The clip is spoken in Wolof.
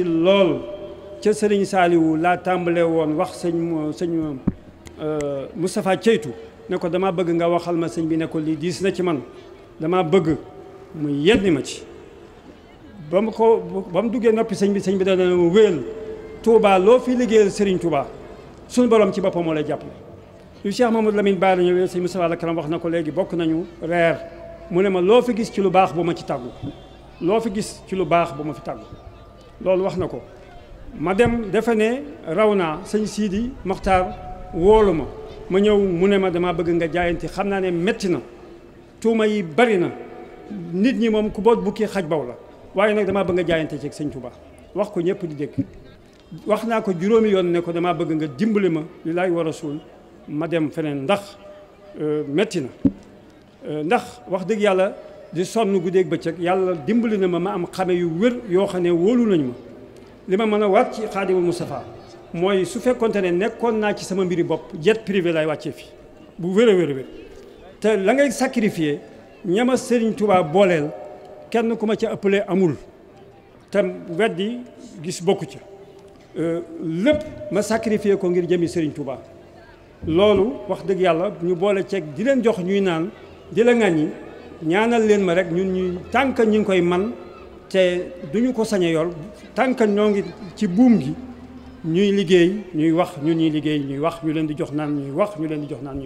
lool ca sëriñ Saaliwu laa tàmbale woon wax sëñ sëñ euh, Moustapha Ceytu ne ko dama bëgg nga waxal ma sëñ bi ne ko lii diis na ci man dama bëgg mu yenni ma ci ba mu ko ba mu duggee noppi sëñ bi sëñ bi dana ma wéel Touba loo fi liggéeyal sëriñ Touba suñu borom ci boppam moo lay jàppale yu Cheikh Mamadou Lamine Ba la ñëwee sëñ Moustapha Lakaram wax na ko léegi bokk nañu reer mu ne ma loo fi gis ci lu baax bu ma ci tàggu loo fi gis ci lu baax bu ma fi tàggu loolu wax na ko ma dem defe ne raw naa sëñ Sidi Mokhtar woolu ma ma ñëw mu ne ma damaa bëgg nga jaayanti xam naa ne metti na tuuma yi bari na nit ñi moom ku boot bukki xaj baw la waaye nag damaa bëgg nga jaayante ci sëñ Touba wax ko ñëpp di dégg wax naa ko juróomi yoon ne ko damaa bëgg nga dimbali ma li laay war a suul ma dem feneen ndax euh, metti na euh, ndax wax dëgg yàlla di sonn guddeeg bëccëg yàlla dimbali na ma ma am xame yu wér yoo xam ne wóolu nañ ma li ma mën a waat ci xaadimul Moustapha mooy su fekkonte ne nekkoon naa ci sama mbiri bopp jet privé lay wàccee fi bu wér a wér te la ngay sacrifié ñama Serigne Touba booleel kenn ku ma ca ëppale amul te weddi gis bokku ca euh, lépp ma sacrifié ko ngir jëmi Serigne Touba loolu wax dëgg yàlla ñu boole ceeg di leen jox ñuy naan di la ŋàññi ñaanal leen ma rek ñun ñu tànk ñu ngi koy man te duñu ko sañe yool tànk ñoo ngi ci buum gi ñuy liggéey ñuy wax ñu ñuy liggéey ñuy wax ñu leen di jox naan ñuy wax ñu leen di jox naan